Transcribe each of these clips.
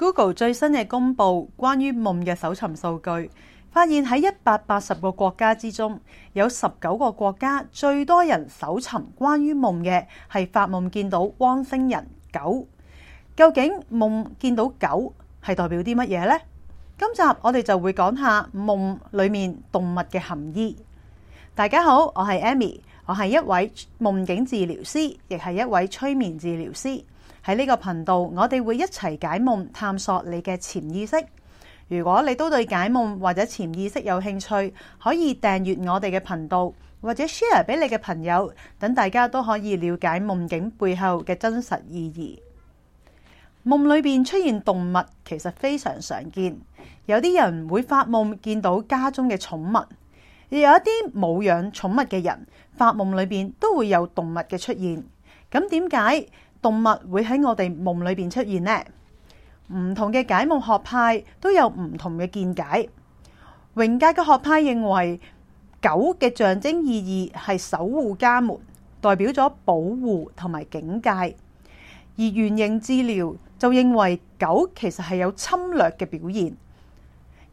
Google 最新嘅公布，關於夢嘅搜尋數據，發現喺一百八十個國家之中，有十九個國家最多人搜尋關於夢嘅係發夢見到汪星人狗。究竟夢見到狗係代表啲乜嘢呢？今集我哋就會講下夢裏面動物嘅含義。大家好，我係 Amy，我係一位夢境治療師，亦係一位催眠治療師。喺呢個頻道，我哋會一齊解夢，探索你嘅潛意識。如果你都對解夢或者潛意識有興趣，可以訂閱我哋嘅頻道，或者 share 俾你嘅朋友，等大家都可以了解夢境背後嘅真實意義。夢裡邊出現動物其實非常常見，有啲人會發夢見到家中嘅寵物，而有一啲冇養寵物嘅人，發夢裡邊都會有動物嘅出現。咁點解動物會喺我哋夢裏邊出現呢？唔同嘅解夢學派都有唔同嘅見解。榮格嘅學派認為，狗嘅象徵意義係守護家門，代表咗保護同埋警戒；而原型治療就認為狗其實係有侵略嘅表現。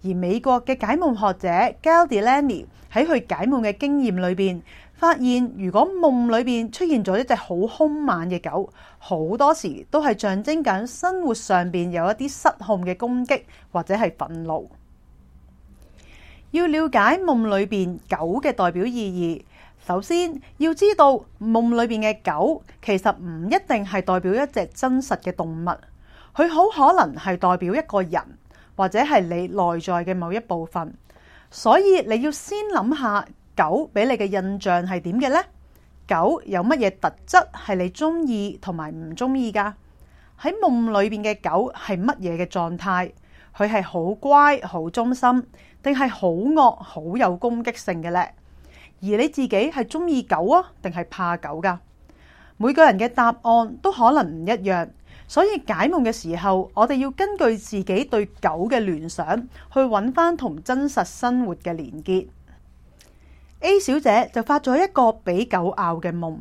而美國嘅解夢學者 Gayle Delaney 喺佢解夢嘅經驗裏邊。發現如果夢裏邊出現咗一隻好凶猛嘅狗，好多時都係象徵緊生活上邊有一啲失控嘅攻擊或者係憤怒。要了解夢裏邊狗嘅代表意義，首先要知道夢裏邊嘅狗其實唔一定係代表一隻真實嘅動物，佢好可能係代表一個人或者係你內在嘅某一部分。所以你要先諗下。狗俾你嘅印象係點嘅呢？狗有乜嘢特質係你中意同埋唔中意噶？喺夢裏邊嘅狗係乜嘢嘅狀態？佢係好乖好忠心，定係好惡好有攻擊性嘅呢？而你自己係中意狗啊，定係怕狗噶？每個人嘅答案都可能唔一樣，所以解夢嘅時候，我哋要根據自己對狗嘅聯想去揾翻同真實生活嘅連結。A 小姐就發咗一個俾狗咬嘅夢，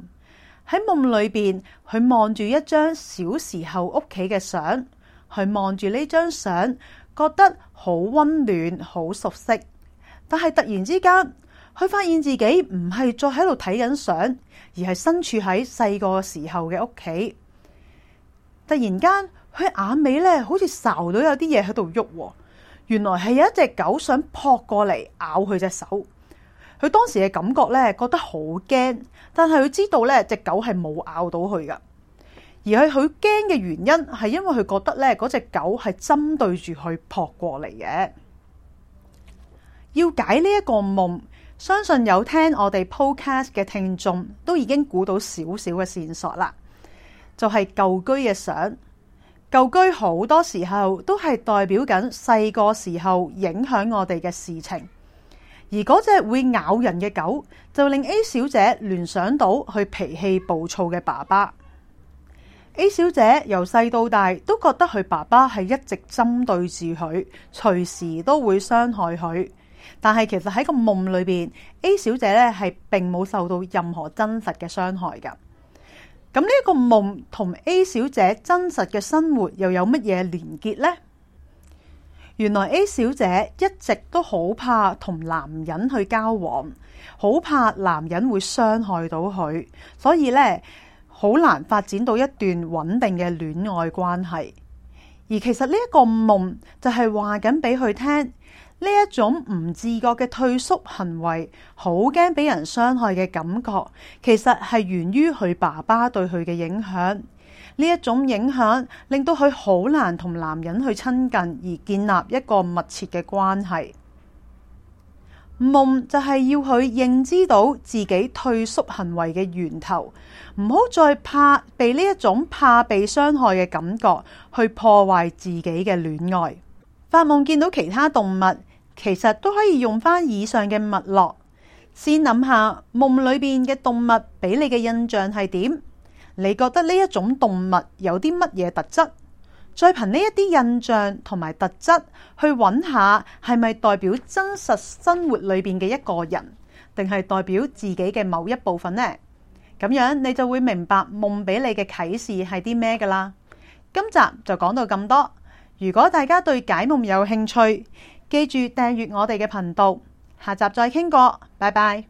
喺夢裏邊，佢望住一張小時候屋企嘅相，佢望住呢張相，覺得好溫暖、好熟悉。但係突然之間，佢發現自己唔係再喺度睇緊相，而係身處喺細個時候嘅屋企。突然間，佢眼尾咧好似睄到有啲嘢喺度喐，原來係有一隻狗想撲過嚟咬佢隻手。佢當時嘅感覺呢，覺得好驚，但係佢知道呢隻狗係冇咬到佢㗎，而係佢驚嘅原因，係因為佢覺得呢嗰隻狗係針對住佢撲過嚟嘅。要解呢一個夢，相信有聽我哋 Podcast 嘅聽眾都已經估到少少嘅線索啦，就係、是、舊居嘅相，舊居好多時候都係代表緊細個時候影響我哋嘅事情。而嗰隻會咬人嘅狗，就令 A 小姐聯想到佢脾氣暴躁嘅爸爸。A 小姐由細到大都覺得佢爸爸係一直針對住佢，隨時都會傷害佢。但係其實喺個夢裏邊，A 小姐咧係並冇受到任何真實嘅傷害噶。咁呢一個夢同 A 小姐真實嘅生活又有乜嘢連結呢？原來 A 小姐一直都好怕同男人去交往，好怕男人會傷害到佢，所以咧好難發展到一段穩定嘅戀愛關係。而其實呢一個夢就係話緊俾佢聽，呢一種唔自覺嘅退縮行為，好驚俾人傷害嘅感覺，其實係源於佢爸爸對佢嘅影響。呢一種影響，令到佢好難同男人去親近，而建立一個密切嘅關係。夢就係要佢認知到自己退縮行為嘅源頭，唔好再怕被呢一種怕被傷害嘅感覺去破壞自己嘅戀愛。發夢見到其他動物，其實都可以用返以上嘅脈絡，先諗下夢裏面嘅動物俾你嘅印象係點。你覺得呢一種動物有啲乜嘢特質？再憑呢一啲印象同埋特質去搵下，係咪代表真實生活裏邊嘅一個人，定係代表自己嘅某一部分呢？咁樣你就會明白夢俾你嘅啟示係啲咩㗎喇。今集就講到咁多。如果大家對解夢有興趣，記住訂閱我哋嘅頻道。下集再傾過，拜拜。